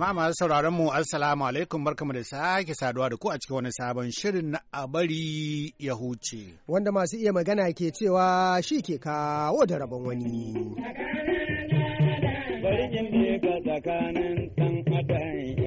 Jama'a masu sauraron mu assalamu alaikum barkamu da sake saduwa da ku a cikin wani sabon shirin na a bari ya huce. Wanda masu iya magana ke cewa shi ke kawo da rabon wani. Bari tsakanin ɗan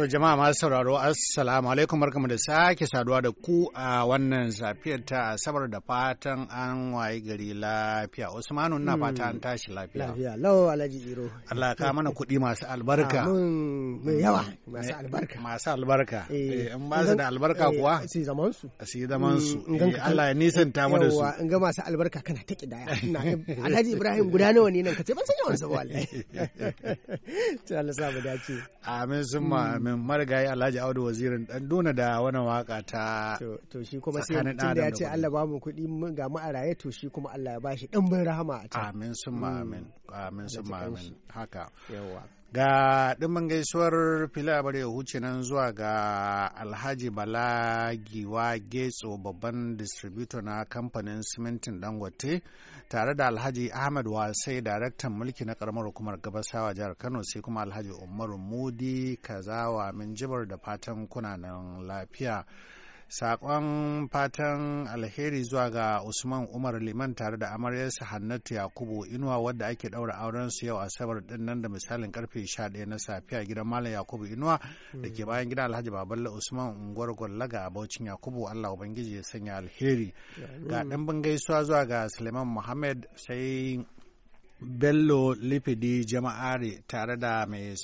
To jama'a masu sauraro assalamu alaikum barkamu da sake saduwa da ku a wannan safiyar ta sabar da fatan an wayi gari lafiya. Usmanu na hmm, fata an tashi lafiya. Lafiya lau alaji Allah ka mana kuɗi masu albarka. Mun yawa. masu albarka masu albarka eh, eh, in ba su da albarka eh, kuwa su zaman su su zaman su Allah ya nisanta mu da su in ga masu albarka kana ta kidaya Alhaji Ibrahim guda nawa ne nan Ka ce ban san yawan sa wallahi to Allah sa mu dace amin summa mm. amin marigayi Alhaji Audu wazirin dan dona da wannan waka ta to shi kuma sai mutum da ya ce Allah ba mu kuɗi ga mu a raye to shi kuma Allah ya bashi dan bin rahama a can amin summa mm. amin amin summa amin haka yawa ga ɗimin gaisuwar filabar huce nan zuwa ga alhaji bala giwa getso babban distributor na kamfanin simintin dangote tare da alhaji ahmad wasai daraktan mulki na karamar hukumar gabasawa jihar kano sai kuma alhaji umaru mudi kazawa min jibar da fatan kunanan lafiya Saƙon fatan alheri zuwa ga Usman Umar Liman tare da amaryarsa Hannatu Yakubu Inuwa wadda ake ɗaura auren su yau Asabar din nan da misalin karfe 11 na safiya gidan Malam Yakubu Inuwa da ke bayan gidan Alhaji babal Usman Unguwar Gwallaga a Baucin Yakubu Allah Ubangiji ya sanya alheri. Ga ɗan gaisuwa zuwa ga Suleiman Muhammad sai Bello Lipidi jama'ari tare da mai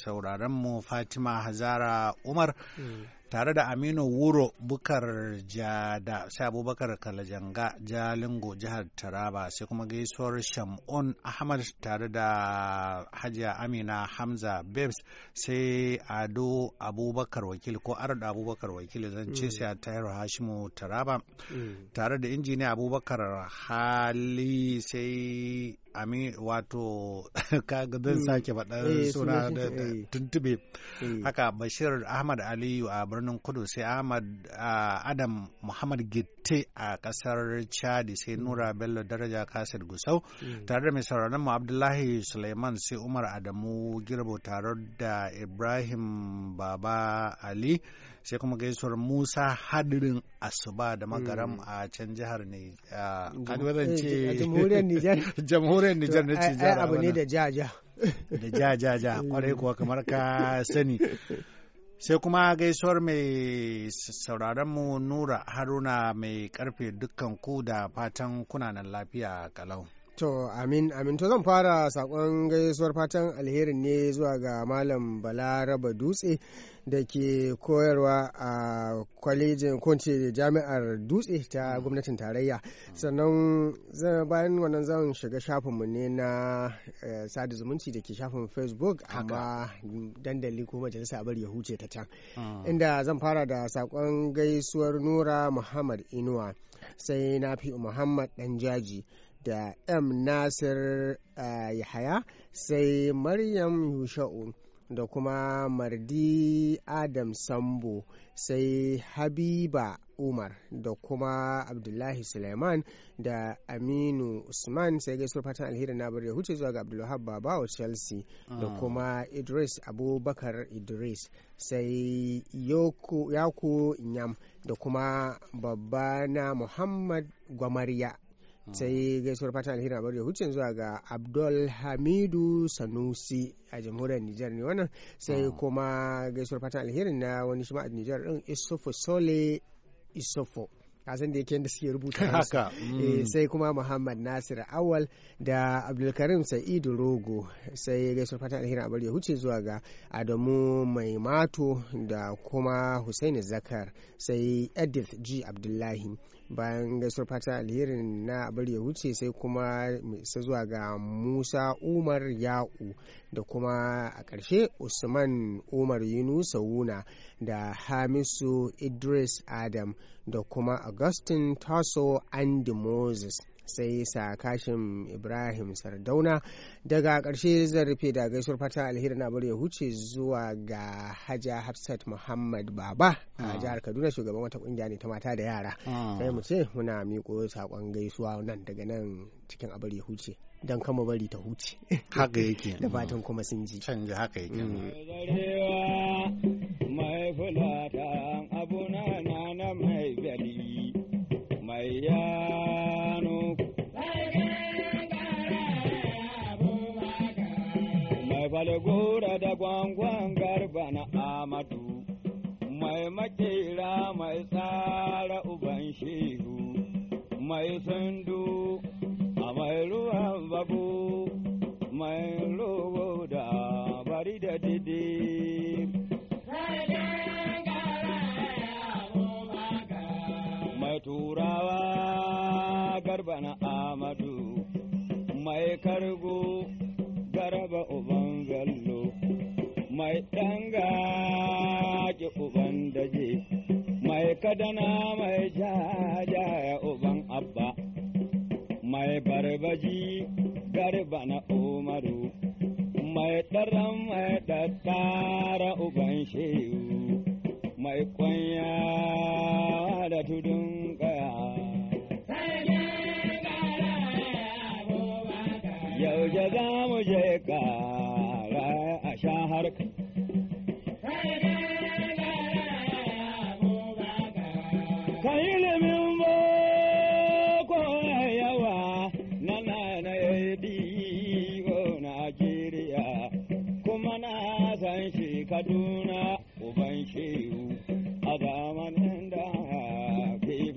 mu Fatima Hazara Umar mm. tare da aminu wuro bukar jada sai abubakar kalajanga jalingo jihar taraba sai kuma gaisuwar shamun ahmad tare da hajiya amina hamza babes sai ado abubakar wakil ko arda abubakar wakili zan ce sai tahiru hashimu taraba mm. tare da injiniya abubakar hali sai ami wato kaga zan hmm. sake faɗa eh, suna da eh. tuntube eh. haka bashir ahmad aliyu a birnin kudu sai ahmad adam muhammad gitte a ƙasar chadi sai hmm. nura bello daraja kasir gusau hmm. tare da mai sauraron mu abdullahi suleiman sai umar adamu girbo tare da ibrahim baba ali sai kuma gaisuwar musa hadirin asuba da mm. magaram a can jihar ne eh, a jamhuriyar nijar jamhuriyar nijar na ce jihar abu ne da jaja da jaja ja kwarai kuwa kamar ka sani sai kuma gaisuwar mai mu nura haruna mai karfe dukkan ku da fatan kunanan lafiya kalau To amin amin to zan fara sakon gaisuwar fatan alherin ne zuwa ga Malam Balaraba Dutse da ke koyarwa a kwalejin da jami'ar Dutse ta gwamnatin tarayya. Sannan bayan wannan zan shiga shafinmu ne na eh, sada zumunci da ke shafin Facebook amma dandali ko majalisa bari ya huce ta can. Ah. Inda zan fara da sakon gaisuwar Nura Muhammad Inuwa sai na fi Muhammad dan jaji. da m nasir yahaya sai maryam yusha'u da kuma mardi adam sambo sai habiba umar da kuma abdullahi suleiman da aminu usman sai gaisuwar fatan alheri na bari huce zuwa ga baba babawa chelsea da ah. kuma idris abubakar idris sai yaku nyam da kuma babba na muhammad gwamariya sai gaisuwar fata alheri a bari hucin zuwa ga abdul hamidu sanusi a jamhuriyar nijar ne wannan sai ah. kuma gaisuwar fata alheri na wani shi ma a din isufu sole isofo kasan da yake da suke rubuta haka mm. eh, sai kuma muhammad nasir awal da abdulkarim sa'idu rogo sai gaisuwar fatan alheri abar ya huce zuwa ga adamu mai mato da kuma husaini zakar sai edith g abdullahi bayan gaisuwar fata alhirin na bari ya sai kuma sai zuwa ga musa umar ya'u da kuma a karshe usman umar yunusa wuna da hamisu idris adam da kuma augustin taso andy moses sai sakashin ibrahim sardauna daga ƙarshe zarfe da gaisuwar fata alheri na ya huce zuwa ga haja hafsat muhammad baba a ah. jihar kaduna shugaban wata kungiya ne ta mata da yara ah. sai mu ce muna miko sakon gaisuwa nan daga nan cikin abar ya huce don kama bari ta huce haka yake da fatan kuma sun ji canji haka yake mm. da gwangwan garba na amadu mai makera mai tsara uban shehu mai sandu mai kadana mai jajaya uban abba mai barbaji garba na umaru mai ɗaran mai dattara uban shehu mai kwanya da tudun kaya yau jaza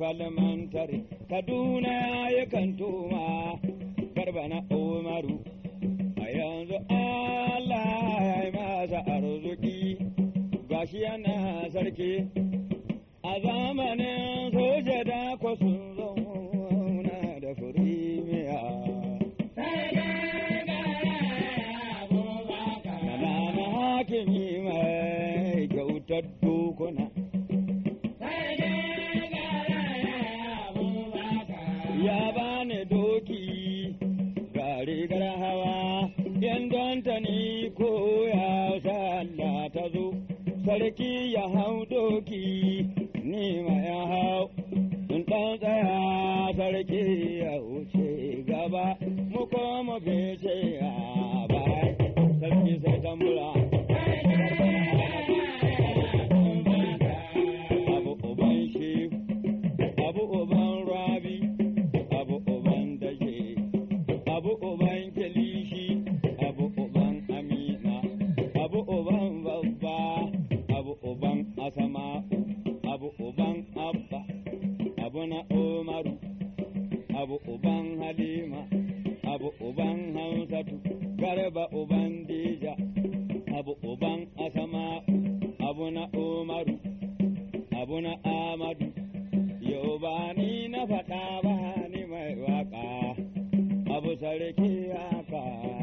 kalmantar kaduna ya ma garba na umaru a yanzu allah ya yi masa arziki gashi yana sarki a zamanin sarki ya ni Amadu, yau ba ni na faɗa ba ni mai waƙa, abu sarki ya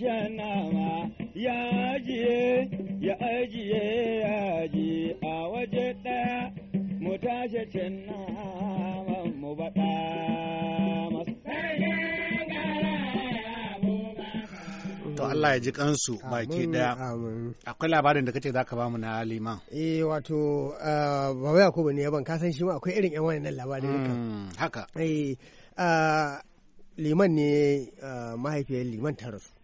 shanawa ya ajiye ya ajiye ya ji a waje ɗaya mu tashi cin naman mu baɗa masu To Allah ya ji kansu baki daya. Akwai labarin da kace zaka bamu na liman. Eh wato ah, Baba Yakubu ne yaban ka san shi ma akwai irin yan wayannan labarin hmm, haka. Eh ah, liman ne ah, mahaifiyar liman ta rasu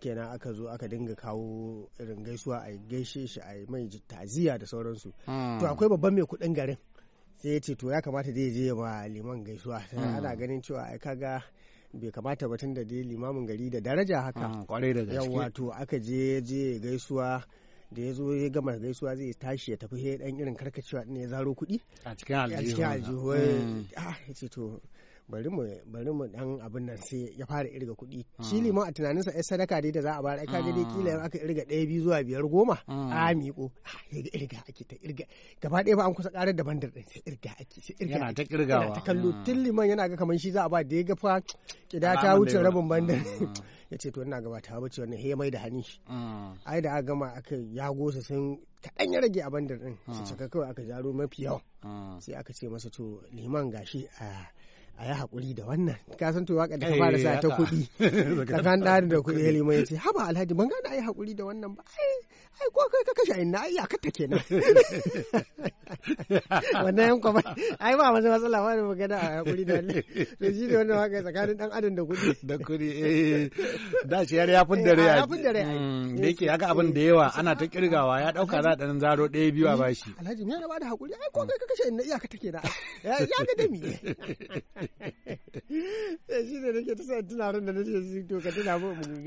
kenan aka zo aka dinga kawo irin gaisuwa a gaishe shi a mai taziya da sauransu to akwai babban mai kudin garin sai ya ce to ya kamata zai je ba liman gaisuwa ana ganin cewa ai kaga bai kamata ba tun da dai limamin gari da daraja haka kwarai mm, da gaske yawa to aka je je gaisuwa da ya zo ya gama gaisuwa zai tashi ya tafi dan irin karkacewa ne ya zaro kuɗi a cikin aljihu a cikin aljihu ah, ce to bari mu bari mu dan abin nan sai ya fara irga kuɗi hmm. shi liman a tunaninsa ai sadaka dai da za a bayar ai kaga dai kila hmm. aka irga ɗaya biyu zuwa biyar goma hmm. a miƙo ya ga irga ake ta irga gaba ɗaya ba an kusa ƙarar da bandar ɗin sai irga ake sai irga yana ta kirgawa yana ta kallo tun liman yana ga kamar shi za a ba da ya ga fa kida ta wuce rabin bandar ya ce to ina gaba ta wuce wannan he mai da hani ai da aka gama aka yago su sun kaɗan ya rage a bandar ɗin sai kawai aka jaro mafi yawa sai aka ce masa to liman gashi a ah, a yi haƙuri da wannan ka san to waka da ka eh, fara sa ta kuɗi tsakanin ɗari da kuɗi ya limo ya ce haba alhaji ban gane a yi haƙuri da wannan ba ai ko kai ka kashe ina ai ka ta kenan wannan yan kwamai ai ba wani matsala ba da magana a haƙuri da wannan to shi ne wannan waka tsakanin dan adam da kuɗi da kuɗi eh da shi yar ya fin da eh, ya fin da rai mm, eh, da yake haka abin da yawa ana ta kirgawa ya ɗauka za dan zaro ɗaya biyu a bashi alhaji me ya ba da haƙuri ai ko kai ka kashe ina iyaka take na ya ga dami shi sa da nake shi to mm.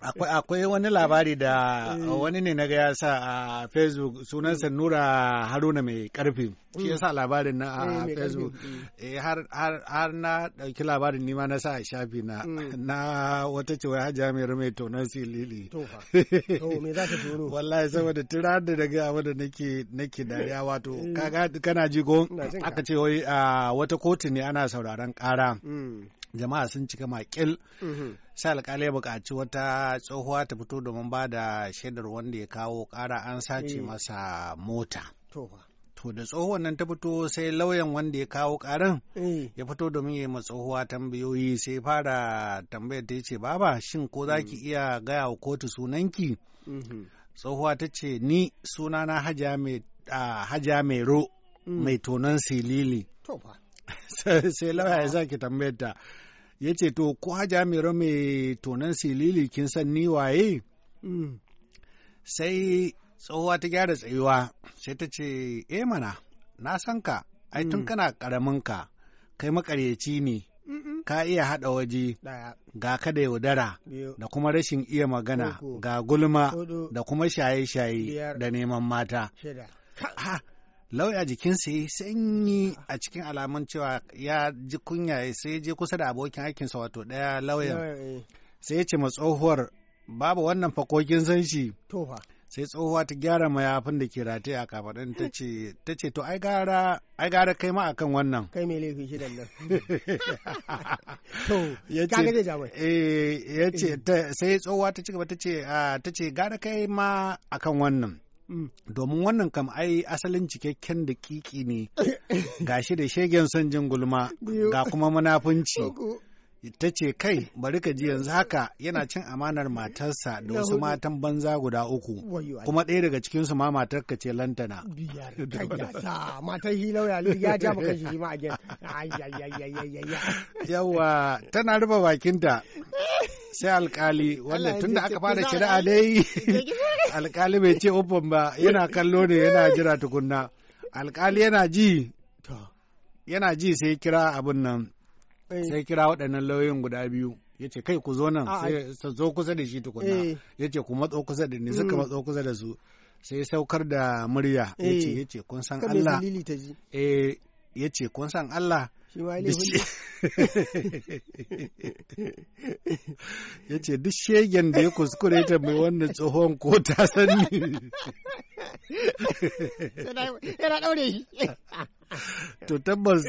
akwai akwai wani labari da eh. wani ne na ga sa a facebook sunansa nura haruna mai karfi shi yasa labarin na a eh, facebook mm. eh, har na ɗauki labarin nima na sa a shafi na mm. na wata cewa hajiya mai rume tonon silili wallahi saboda tira da daga wanda nake nake dariya wato mm. kaga kana ji ko aka ce wai wata kotu ne ana sauraron kara jama'a sun cika makil mm-hmm. sai alkali ya buƙaci wata tsohuwa ta fito domin ba da shaidar wanda ya kawo ƙara an sace eh. masa mota to da tsohuwar nan ta fito sai lauyan wanda ya kawo karin eh. ya fito domin ya yi tsohuwa tambayoyi sai fara tambayar ta ce baba shin ko za ki mm. iya gaya wa kotu sunanki mm-hmm. tsohuwa ta ce ni sunana hajja mai ro mm. mai tonon silili sai lauya ya ah. sake tambayar ta ya ce to ko hajja mai ro mai tonon silili kin san ni waye mm. sai tsohuwa ta gyara tsayuwa sai ta ce eh mana na san ka ai tun mm. kana karamin ka kai makaryaci ne ka iya haɗa waje ga ka da yaudara da kuma rashin iya magana ga gulma da kuma shaye-shaye da neman mata lauya jikinsa ya sanyi a cikin alamun cewa ya ji kunya sai je kusa da abokin aikinsa wato ɗaya lauyan eh. sai ya ce ma tsohuwar babu wannan fakokin san shi sai tsohuwa ta gyara mayafin da ke rataye a kafaɗin ta ce to ai gara ai gara kai ma akan wannan kai mai laifi shi nan to ya ce jawai eh ya ce sai tsohuwa ta cigaba ta ce ta ce gara kai ma akan wannan mm. domin wannan kam ai asalin cikakken da kiki ne gashi da shegen son jin gulma ga kuma munafunci ta ce kai bari ka ji yanzu haka yana cin amanar matarsa da wasu matan banza guda uku kuma ɗaya daga cikinsu ma matar ka ce lantana matar ya ja maka shi yawa tana rufe bakinta sai alkali wanda tun da aka fara shari'a dai alkali bai ce uban ba yana kallo ne yana jira tukunna alkali yana ji yana ji sai kira abin nan Eh. sai kira waɗannan lauyoyin guda biyu ya ce kai ku zo nan sai ta zo kusa da shi tukuna eh. ya ce ku matso kusa da ni mm. suka matso kusa da su sai saukar da murya ya ce eh. kun san Allah eh ya ce kun san Allah ya ce duk shegen da ya kuskure ta mai wannan tsohon ko ta sani yana daure shi to tabbas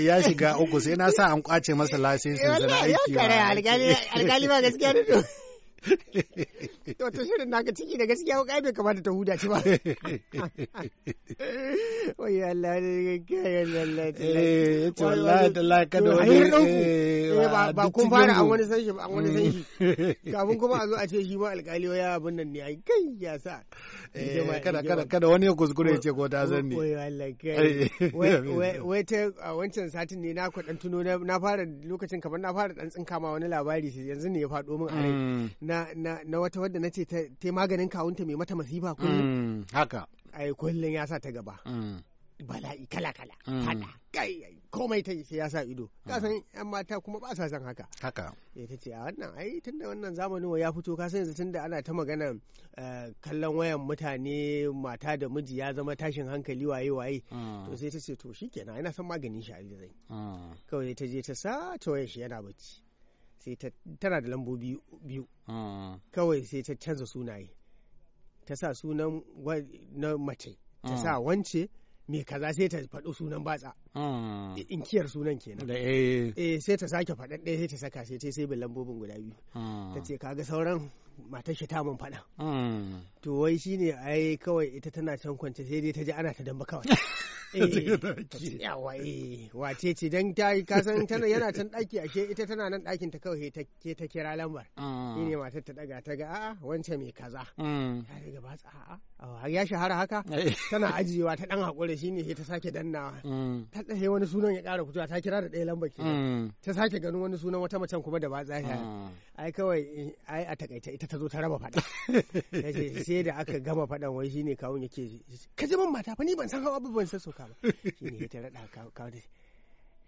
ya shiga uku sai na sa an kwace masa lasisin sana eh, aiki. Wallahi ya kare alkali ba gaskiya da Wata shirin naka ciki da gaskiya ko bai kamata ta huda ci ba. Wai Allah ne ga Allah ta. Eh to wallahi da laka da wani. Eh, eh, ba kun fara an wani sanshi ba an wani sanshi Kafin kuma a zo a ce shi ma alkali ya abin nan ne ai kai ya sa. Eh, kada kada kada wani ya kuskure ya ce ko ta san ne. Wai Allah kai. Wai ta wancan satin ne na ku dan tuno na fara lokacin kamar na fara dan tsinka ma wani labari shi yanzu ne ya faɗo min a rai. Mm. na na na wata wadda na ce ta maganin kawunta mai mata masifa kullum mm, haka ai kullum ya sa ta gaba mm. bala'i kala-kala mm. fada kai komai ta sai ya sa ido ka san yan mata kuma ba sa san haka haka eh, ta ce a wannan ai tunda wannan zamanin ya fito ka san yanzu tunda ana ta magana eh, kallon wayan mutane mata da miji ya zama tashin hankali waye waye to sai tace to kenan, ina son maganin shi a zai kawai ta je ta sa ta wayan shi yana bacci sai ta tana da lambobi biyu ah. kawai sai ta canza sunaye ta sa sunan na mace ta sa ah. wance me kaza sai ta faɗi sunan batsa ah. inkiyar sunan kenan eh. eh sai ta sake faɗa ɗaya sai ta saka sai ta sai bin lambobin guda biyu ta ce kaga sauran matar shi ta mun faɗa to wai shine ai kawai ita tana can kwance sai dai ta ji ana ta damba kawai Eh, yawa eh wace ce dan ta yi kasan tana yana can ɗaki a ke, ita tana nan ɗakin ta kawai ke ta kira lambar ah. ni ne matar ta daga ta ga a wancan mai kaza mm. ta daga ba a'a ya shahara haka eh. tana ajiyewa ta dan hakuri shine sai ta sake dannawa mm. ta tsaye wani sunan ya kara fitowa ta kira da ɗaya lambar ke mm. ta sake ganin wani sunan wata macen kuma da ba za tsaya ai kawai eh, ai a takaice ita ta zo ta raba fada sai da aka gama faɗan wai shi ne kawun yake ka ji ban mata fa ni ban san hawa ban san duka ba shi ne ta raɗa ka ka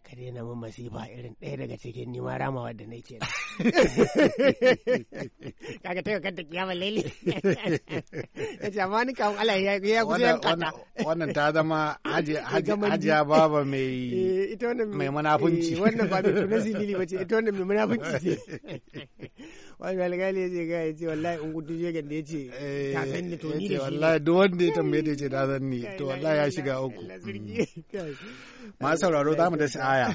ka daina min masifa irin ɗaya daga cikin ni ma ramawa da na ke da kaga ta kanta kiyama laili ya ce amma ni kawun ala ya kusa yan kata wannan ta zama hajiya baba mai eh, mai munafunci eh, wannan ba mai tunan zilili ba ce ita wannan mai manafunci ce wani ya ce ga ya ce wallahi in gudu je ya ce eh, ni to ni wallahi duk wanda ya tambaye ce ni to wallahi ya shiga uku mm. sauraro za mu da aya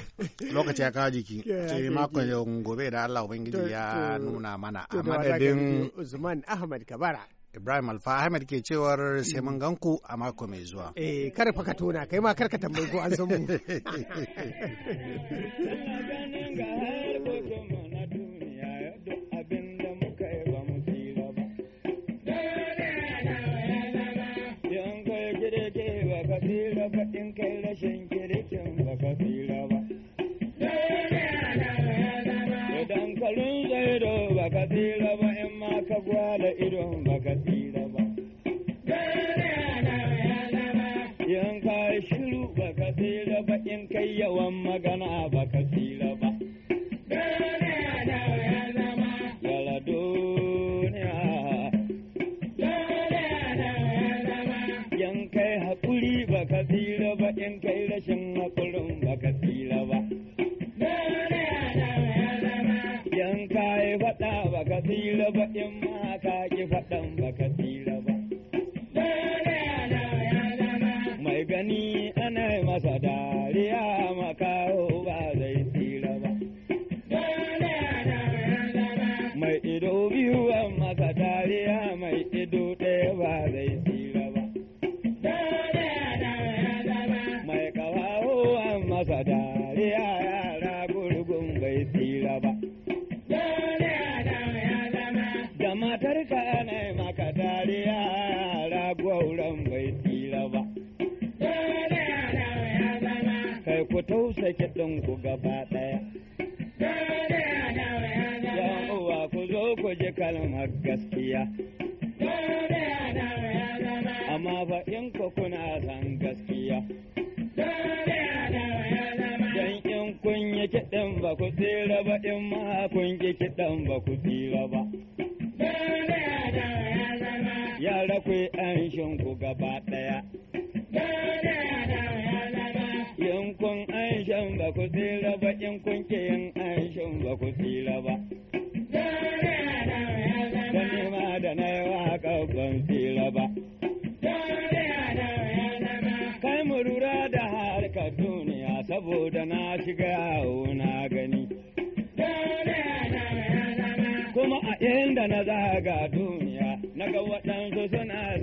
lokaci ya kawo jiki ce makon yau gobe da Allah ubangiji ya nuna mana a madadin Usman Ahmad Kabara Ibrahim Alfa Ahmed ke cewar sai mun ganku a mako mai zuwa. Eh kar fa ka tona kai ma kar ka tambayi ko an san mu. gaba in kai rashin kirkin ba ka tsira ba. Idan ka rinja ido ba ka tsira ba in ma ka gwala idon ba ka tsira ba. In ka shiru ba ka tsira ba in kai yawan magana ba ka la halin ku gaba ɗaya. Yan uwa ku zo ku ji kalmar gaskiya. Amma fa in ku kuna san gaskiya. Dan in kun yi kiɗan ba ku tsira ba in ma kun ki kiɗan ba ku tsira ba. Yara ku yi an ku gaba ɗaya. ba ku tsira ba. Wani ma da na yi ka ban tsira ba. Kai mu lura da harkar duniya saboda na shiga yawo na gani. Kuma a inda na zaga duniya na ga waɗansu suna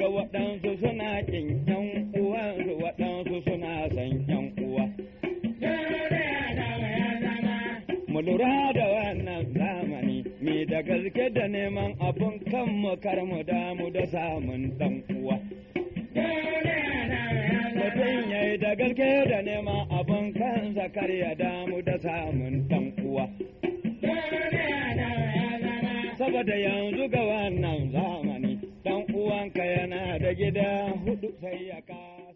ga waɗansu suna kin yan uwansu waɗansu suna san yan uwa. Mu lura da wannan zamani, mi da gaske da neman abun kanmu kar mu damu da samun ɗan uwa. Mutum ya yi da gaske da neman abun kansa kar ya damu da samun ɗan uwa. Saboda yanzu ga wannan zamani. yana da gida hudu sai ya